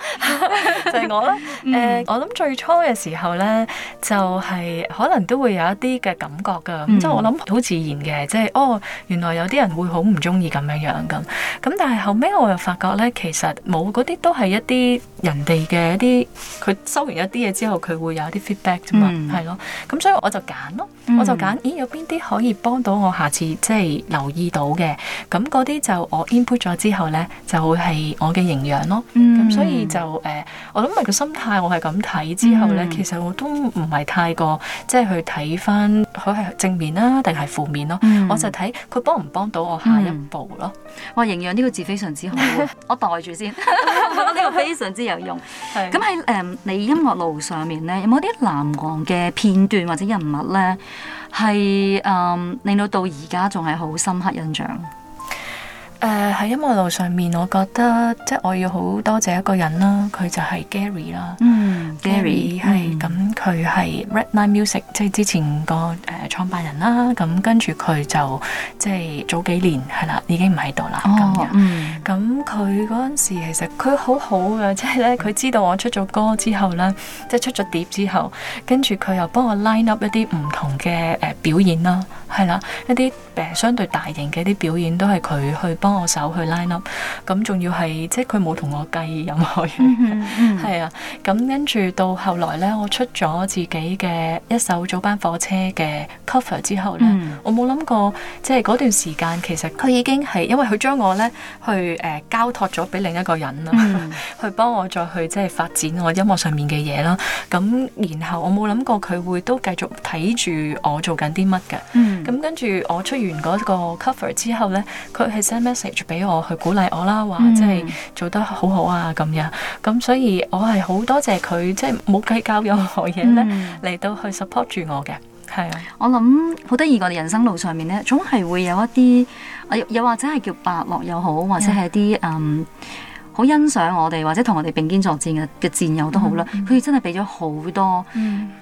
就係我啦。誒，我諗最初嘅時候咧，就係、是、可能都會有一啲嘅感覺㗎。即係、mm. 我諗好自然嘅，即、就、係、是、哦，原來有啲人會好唔中意咁樣樣咁。咁但係後尾我又發覺咧，其實冇嗰啲都係一啲。人哋嘅一啲，佢收完一啲嘢之後，佢會有啲 feedback 啫嘛，係、嗯、咯。咁所以我就揀咯，嗯、我就揀咦有邊啲可以幫到我下次即係留意到嘅。咁嗰啲就我 input 咗之後咧，就會、是、係我嘅營養咯。咁、嗯、所以就誒、呃、我諗埋個心態我係咁睇之後咧，嗯、其實我都唔係太過即係去睇翻佢係正面啦、啊，定係負面咯。嗯、我就睇佢幫唔幫到我下一步咯。嗯、
哇，營養呢個字非常之好， 我袋住先。呢 個非常之。有用，咁喺誒你音樂路上面呢，有冇啲難忘嘅片段或者人物呢？係誒、um, 令到到而家仲係好深
刻印象？誒喺、uh, 音樂路上面，我覺得即係我要好多謝一個人啦，佢就係 Gary 啦。Mm, Gary, 嗯，Gary 係，咁是，佢係、mm. Redline Music，即係之前，個誒創、呃、辦人啦。咁跟住佢就即係早幾年係啦，已經唔喺度啦。哦、oh, 樣，咁佢陣時其實佢好好、啊、嘅，即係咧佢知道我出咗歌之後咧，即係出咗碟之後跟住佢又幫我 line up 一啲唔同嘅誒表演啦，係啦，一啲誒相對大型嘅一啲表演都係佢去幫。幫我手去拉粒，咁仲要係即係佢冇同我計任何，嘢， 係、嗯嗯、 啊，咁跟住到後來咧，我出咗自己嘅一首早班火車嘅 cover 之後咧，嗯、我冇諗過，即係嗰段時間其實佢已經係因為佢將我咧去誒、呃、交託咗俾另一個人啦，嗯、 去幫我再去即係發展我音樂上面嘅嘢啦。咁、嗯、然後我冇諗過佢會都繼續睇住我做緊啲乜嘅。咁、嗯嗯、跟住我出完嗰個 cover 之後咧，佢係 send m 俾我去鼓勵我啦，話即係做得好好啊咁、mm. 樣，咁所以我係好多謝佢，即係冇計較任何嘢咧，嚟、mm. 到去 support 住我嘅，係啊。我諗好得意，我哋人生路上面咧，總係會有一啲，
又又或者係叫伯樂又好，或者係啲誒。Yeah. 嗯好欣賞我哋，或者同我哋並肩作戰嘅嘅戰友都好啦，佢哋、嗯嗯、真係俾咗好多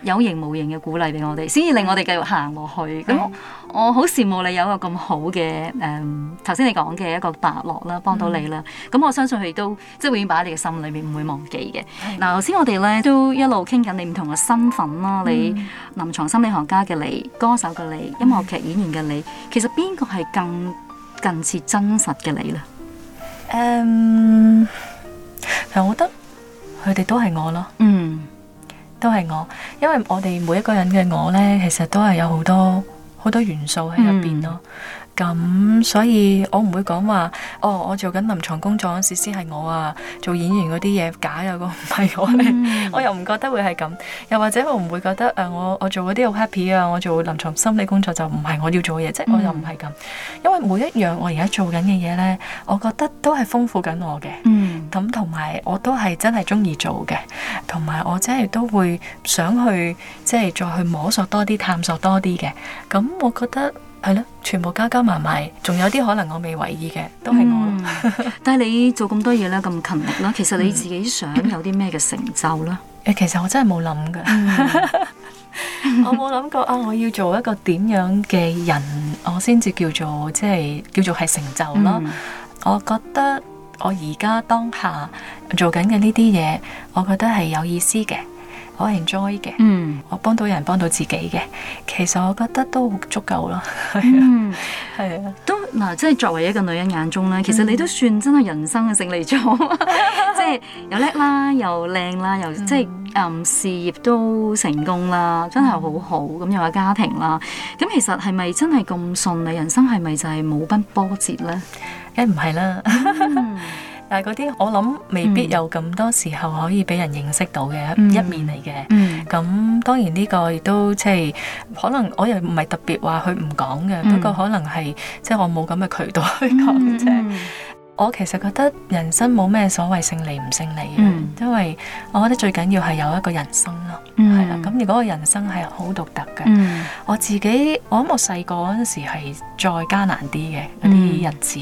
有形無形嘅鼓勵俾我哋，先至令我哋繼續行落去。咁、嗯、我好羨、嗯、慕你有一個咁好嘅誒，頭、嗯、先你講嘅一個伯樂啦，幫到你啦。咁、嗯、我相信佢都即係永遠擺喺你嘅心裏面，唔會忘記嘅。嗱，頭先我哋咧都一路傾緊你唔同嘅身份啦，嗯、你臨床心理學家嘅你，歌手嘅你，音樂劇演員嘅你，嗯、其實邊個係更
近似真實嘅你呢？誒，um, 其實我覺得佢哋都係我咯，嗯，mm. 都係我，因為我哋每一個人嘅我呢，其實都係有好多好多元素喺入邊咯。Mm. 咁、嗯，所以我唔會講話，哦，我做緊臨床工作嗰陣時先係我啊，做演員嗰啲嘢假嘅，嗰個唔係我咧。嗯、 我又唔覺得會係咁，又或者我唔會覺得，誒、呃，我我做嗰啲好 happy 啊，我做臨床心理工作就唔係我要做嘅嘢，即係、嗯、我又唔係咁。因為每一樣我而家做緊嘅嘢呢，我覺得都係豐富緊我嘅。嗯，咁同埋我都係真係中意做嘅，同埋我真係都會想去，即係再去摸索多啲，探索多啲嘅。咁我覺得。係咯，全部加加埋埋，仲有啲可能我未為意嘅，都
係我。嗯、 但係你做咁多嘢咧，咁勤力啦，其
實你自己想有啲咩嘅成就啦？誒、嗯，其實我真係冇諗噶，嗯、 我冇諗過啊！我要做一個點樣嘅人，我先至叫做即係叫做係成就啦、嗯。我覺得我而家當下做緊嘅呢啲嘢，我覺得係有意思嘅。我 enjoy 嘅，嗯、我幫到人，幫到自己嘅，其實我覺得都好足夠咯。係、嗯、的啊，係
啊，都嗱，即係作為一個女人眼中咧，嗯、其實你都算真係人生嘅勝利組，即係又叻啦，又靚啦，又，又、嗯、即係、嗯、事業都成功啦，真係好好咁、嗯、有個家庭啦。咁其實係咪真係咁順利？人生係咪就係
冇乜波折呢？誒，唔係啦。但係嗰啲，我諗未必有咁多時候可以俾人認識到嘅、嗯、一面嚟嘅。咁、嗯嗯嗯、當然呢個亦都即係、就是、可能我又唔係特別話佢唔講嘅，不過、嗯、可能係即係我冇咁嘅渠道去講啫。嗯嗯嗯我其實覺得人生冇咩所謂勝利唔勝利嘅，嗯、因為我覺得最緊要係有一個人生咯，係啦、嗯。咁如果個人生係好獨特嘅，嗯、我自己我諗我細個嗰陣時係再艱難啲嘅嗰啲日子，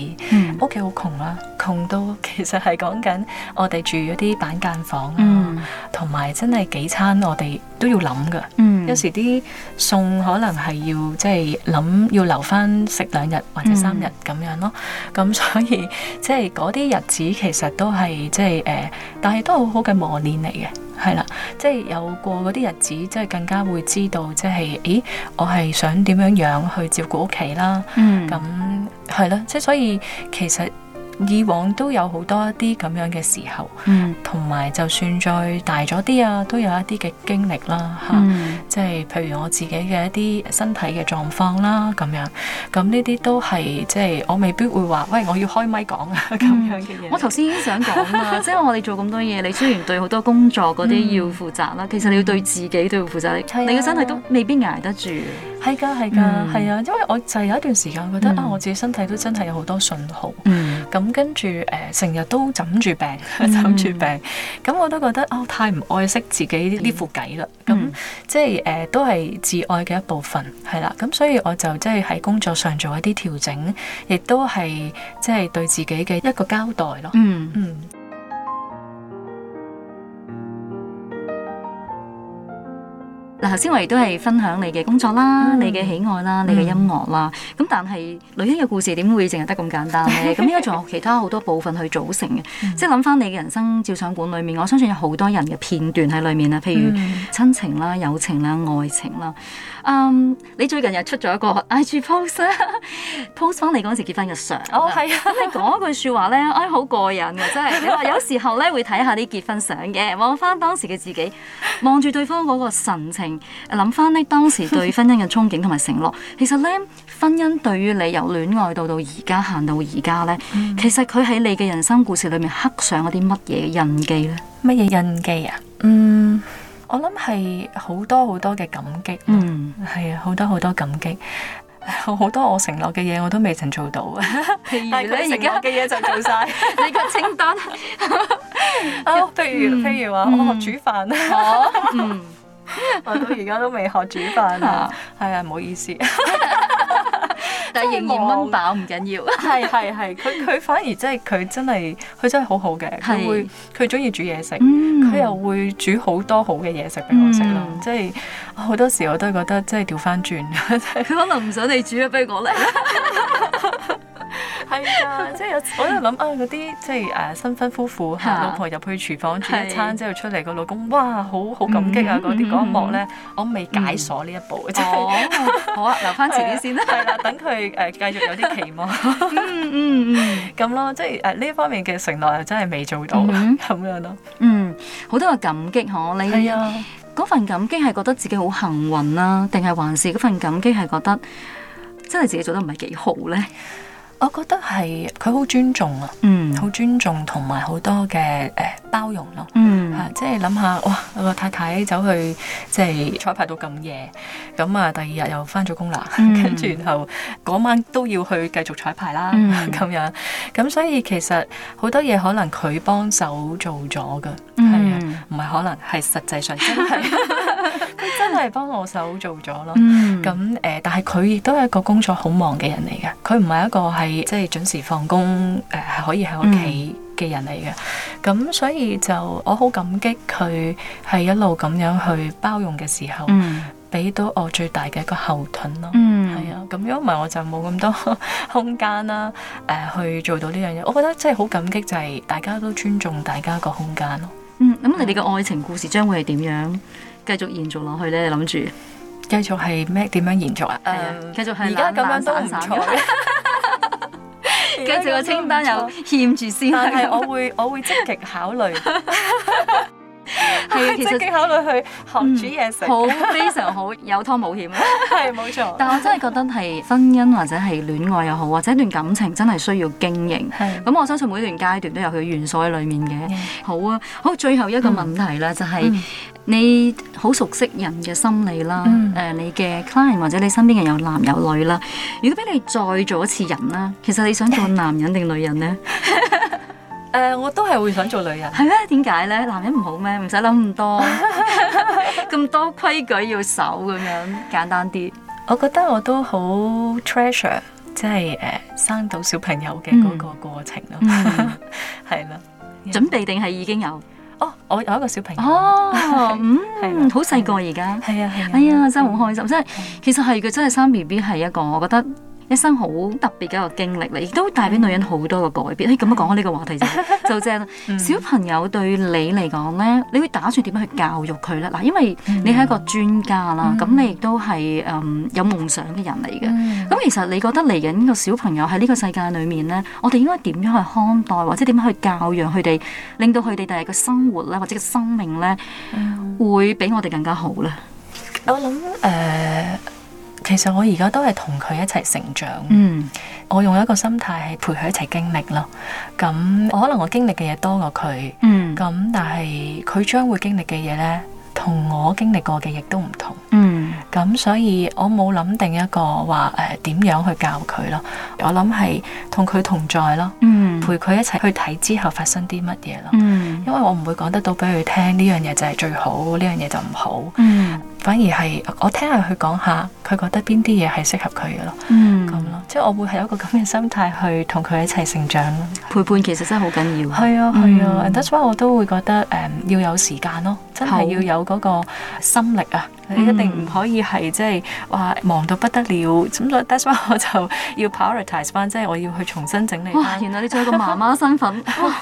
屋企好窮啦、啊，窮到其實係講緊我哋住嗰啲板間房啊。嗯同埋真係幾餐我哋都要諗噶，嗯、有時啲餸可能係要即係諗要留翻食兩日或者三日咁樣咯。咁、嗯、所以即係嗰啲日子其實都係即係誒，但係都好好嘅磨練嚟嘅，係啦。即係有過嗰啲日子，即係更加會知道即係，咦，我係想點樣樣去照顧屋企啦。咁係咯，即係所以其實。以往都有好多一啲咁樣嘅時候，同埋、嗯、就算再大咗啲啊，都有一啲嘅經歷啦，吓，即係、嗯、譬如我自己嘅一啲身體嘅狀況啦，咁樣，咁呢啲都係即係我未必會話，喂，我要開咪講啊咁樣嘅嘢、嗯。我頭先已經想講啦，即、就、係、是、我哋
做咁多嘢，你雖然對好多工作嗰啲要負責啦，嗯、其實你要對自己都要負責，嗯、你你嘅身體
都未必捱得住。係噶係噶係啊，因為我就有一段時間覺得啊，嗯、我自己身體都真係有好多信號。嗯嗯咁跟住誒，成、呃、日都枕住病枕住病，咁、mm hmm. 嗯、我都覺得哦，太唔愛惜自己呢副偈啦。咁、mm hmm. 嗯、即係誒、呃，都係自愛嘅一部分，係啦。咁、嗯、所以我就即係喺工作上做一啲調整，亦都係即係對自己嘅一個交代咯。Mm hmm. 嗯。嗱，頭先我
亦都係分享你嘅工作啦、嗯、你嘅喜愛啦、嗯、你嘅音樂啦，咁但係女人嘅故事點會淨係得咁簡單咧？咁應該仲有其他好多部分去組成嘅，嗯、即係諗翻你嘅人生照相館裏面，我相信有好多人嘅片段喺裏面啊，譬如親情啦、嗯、友情啦、愛情啦。嗯，um, 你最近又出咗一個 I G post，post 翻你嗰時結婚嘅相。哦，係啊，你講一句說話咧， 哎，好過癮啊，真係。 你話有時候咧會睇下啲結婚相嘅，望翻當時嘅自己，望住對方嗰個神情，諗翻咧當時對婚姻嘅憧憬同埋承諾。 其實咧，婚姻對於你由戀愛到到而家行到而家咧，嗯、其實佢喺你嘅人生故事裏面刻上一啲乜嘢印記咧？
乜嘢印記啊？嗯。我諗係好多好多嘅感激，嗯，係啊，好多好多感激，好、呃、多我承諾嘅嘢，我都未曾做到， 呢但係你承諾嘅嘢就做晒， 你個清單，譬、 哦啊、如譬如話我學煮飯啊，我、嗯嗯哦、 到而家都未學煮飯 啊，係 啊，唔好意思。 但仍然五蚊飽唔緊要。係係係，佢佢 反而即係佢真係，佢真係好好嘅。佢是會佢中意煮嘢食，佢、嗯、又會煮好多好嘅嘢食俾我食咯。嗯、即係好多時我都覺得即係掉翻轉。佢可能唔想你煮啊，不如 我嚟。 係啊，即係有，我都諗啊，嗰啲即係誒新婚夫婦，吓老婆入去廚房煮一餐，之後出嚟個老公，哇，好好感激啊！嗰啲嗰一幕咧，我未解鎖呢一步，即係好啊，留翻遲啲先啦。係啦，等佢誒繼續有啲期望。咁咯，即係誒呢方面嘅承諾又真係未做到，咁樣咯。嗯，
好多嘅感激嗬，你係啊，嗰份感激係覺得自己好幸運啊，定係還是嗰份感激係覺得真係自己做得唔係幾好咧？
我覺得係佢好尊重啊，好尊重同埋好多嘅誒包容咯，嚇即係諗下哇個太太走去即係彩排到咁夜，咁啊第二日又返咗工啦，跟住然後嗰晚都要去繼續彩排啦，咁樣咁所以其實好多嘢可能佢幫手做咗噶，係啊，唔係可能係實際上真係真係幫我手做咗咯，咁誒但係佢亦都係一個工作好忙嘅人嚟嘅，佢唔係一個係。即係準時放工，誒、呃、係可以喺屋企嘅人嚟嘅，咁、嗯、所以就我好感激佢係一路咁樣去包容嘅時候，俾、嗯、到我最大嘅一個後盾咯，係、嗯、啊，咁如果唔係我就冇咁多空間啦、啊，誒、呃、去做到呢樣嘢，我覺得真係好感激，就係大家都尊重大家個空間咯。嗯，
咁你哋嘅愛情故事將會係點樣繼續延續落去呢？你諗住
繼續係咩？點樣延續啊？誒、呃，繼續係而家咁樣都唔錯。
跟住個清單又欠住先，但係我會我會積極考慮。 係、嗯，其實考慮去學煮嘢食，好、嗯、非常好， 有湯冇險啦，係冇錯。錯但我真係覺得係婚姻或者係戀愛又好，或者一段感情真係需要經營。咁的我相信每一段階段都有佢嘅元素喺裏面嘅。的好啊，好，最後一個問題啦，嗯、就係你好熟悉人嘅心理啦，誒、嗯呃，你嘅 client 或者你身邊嘅人有男有女啦。如果俾你再做一次人啦，其實你想做男人定女人呢？ 誒，我都係會想做女人。係咩？點解咧？男人唔好咩？唔使諗咁多，咁多規矩要守
咁樣簡單啲。我覺得我都好 treasure，即係誒生到小朋友嘅嗰個過程咯。係啦，準備定係已經有？哦，我有一個小朋友。哦，嗯，好細個而家。係啊係啊。哎呀，
真係好開心！真係，其實係佢真係生 B B 係一個，我覺得。一生好特別嘅一個經歷咧，亦都帶俾女人好多嘅改變。你咁樣講開呢個話題就 就正。嗯、小朋友對你嚟講咧，你會打算點樣去教育佢咧？嗱，因為你係一個專家啦，咁、嗯、你亦都係誒有夢想嘅人嚟嘅。咁、嗯、其實你覺得嚟緊個小朋友喺呢個世界裏面咧，我哋應該點樣去看待，或者點樣去教養佢哋，令到佢哋第日
嘅生活咧或者個生命咧、嗯、
會比我哋更加好咧？
我諗誒。Uh 其實我而家都係同佢一齊成長，嗯、我用一個心態係陪佢一齊經歷咯。咁我可能我經歷嘅嘢多過佢，咁、嗯、但係佢將會經歷嘅嘢呢，同我經歷過嘅亦都唔同。咁、嗯、所以，我冇諗定一個話誒點樣去教佢咯。我諗係同佢同在咯，嗯、陪佢一齊去睇之後發生啲乜嘢咯。嗯、因為我唔會講得到俾佢聽，呢樣嘢就係最好，呢樣嘢就唔好。嗯反而係我聽下佢講下，佢覺得邊啲嘢係適合佢嘅咯，咁咯，即係我會係有一個咁嘅心態去同佢一齊成長咯。陪伴其實真係好緊要。係啊，係啊。And that's why 我都會覺得誒要有時間咯，真係要有嗰個心力啊！你一定唔可以係即係話忙到不得了。咁所以 that's why 我就要 prioritize 翻，即係我要去重新整理。原來你做一個媽媽
身份，係啊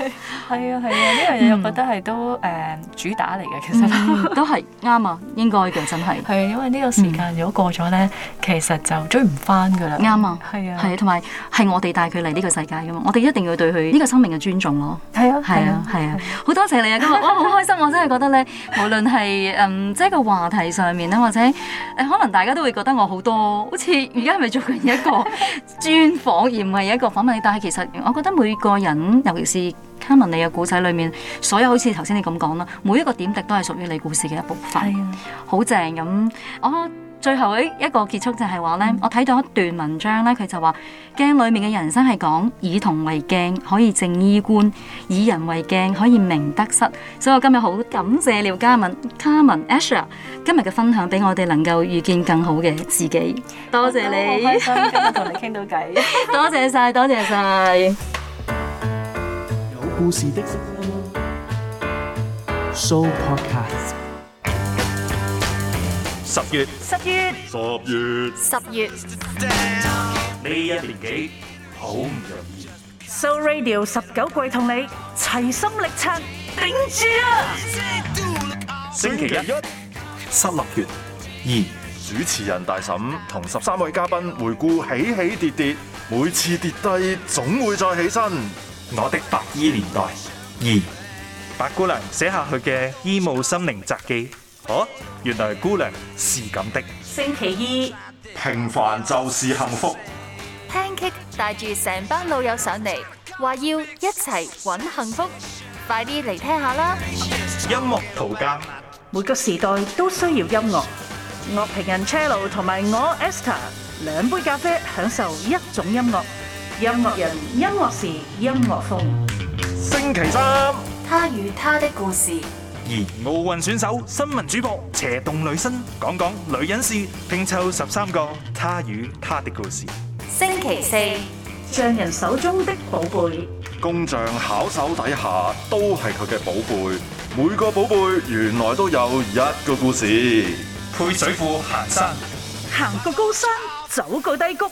係啊，呢樣嘢我覺
得係都誒主打嚟嘅，其實都係啱啊，應該嘅。係，因為呢個時間如果過咗咧，其實就追唔翻噶啦。啱啊，係啊，係啊，同埋係我
哋帶佢嚟呢個世界噶嘛，我哋一定要對佢呢個生命嘅尊重咯。係啊，係啊，係啊，好多謝你啊！今日我好開心，我真係覺得咧，無論係嗯，即係個話題上面咧，或者誒，可能大家都會覺得我好多，好似而家係咪做緊一個專訪，而唔係一個訪問？但係其實我覺得每個人，尤其是。卡文，Carmen, 你嘅故仔裏面，所有好似頭先你咁講啦，每一個點滴都係屬於你故事嘅一部分，好正咁。我最後一個結束就係話咧，嗯、我睇到一段文章咧，佢就話鏡裡面嘅人生係講以銅為鏡可以正衣冠，以人為鏡可以明得失。所以我今日好感謝廖嘉敏、卡文、Asher，今日嘅分享俾我哋能夠遇見更好嘅自己。
多謝你，開心今日同你傾到偈。多謝
晒，多謝晒。故事的 Show 十月
十月十月十月呢一年幾月好唔容易
Show Radio 十九季同你齊心力撐頂住啊！
星期一失樂園二主持人大嬸同十三位嘉賓回顧起起跌跌，每次跌低總會再起身。我的白衣年代二，白姑娘寫下佢嘅醫務心靈札記。哦，原來姑娘是咁的。
星期二，
平凡就是幸福。
Pancake 帶住成班老友上嚟，話要一齊搵幸福，快啲嚟聽下啦。
音樂途間，
每個時代都需要音樂。樂評人 Chelo 同埋我 Esther，兩杯咖啡，享受一種音樂。音樂人、音樂時、音樂風。
星期三，
他與他的故事。
而奧運選手、新聞主播、斜洞女生，講講女人事，拼湊十三個他與他的故事。
星期四，匠人手中的寶貝。
工匠巧手底下，都係佢嘅寶貝。每個寶貝原來都有一個故事。配水庫行山。
行過高山，走過低谷，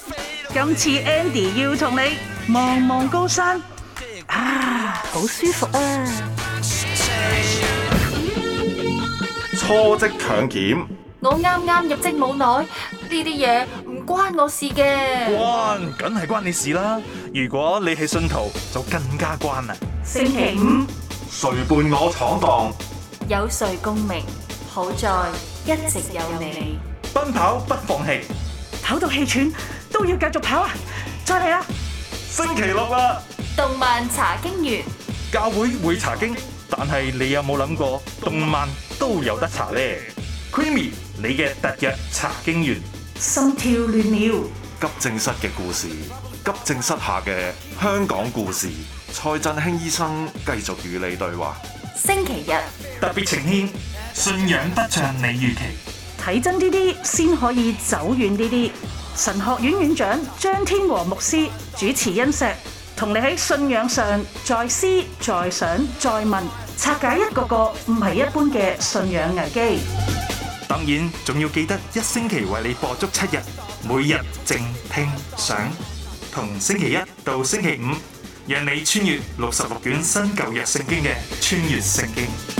今次 Andy 要同你望望高山，啊，好舒服啊！
初職強檢，
我啱啱入職冇耐，呢啲嘢唔關我事嘅。關，
梗係關你事啦！如果你係信徒，就更加關啦。星期五，誰伴我闖蕩？
有誰功名？好在一直有你。
奔跑不放棄，
跑到氣喘都要繼續跑啊！再嚟啊！
星期六啦！
動漫查經員，
教會會查經，但係你有冇諗過動漫都有得查咧？Creamy，你嘅特約查經員，心跳亂了，急症室嘅故事，急症室下嘅香港故事，蔡振興醫生繼續與你對話。星期日特別呈獻，信仰不像你預期。
睇真啲啲，先可以走遠啲啲。神學院院長張天和牧師主持
恩石，同你喺信仰上再思再想再問，拆解一個個唔係一般嘅信仰危機。
當然，仲要記得一星期為你播足七日，每日靜聽想，同星期一到星期五，讓你穿越六十六卷新舊約聖經嘅穿越聖經。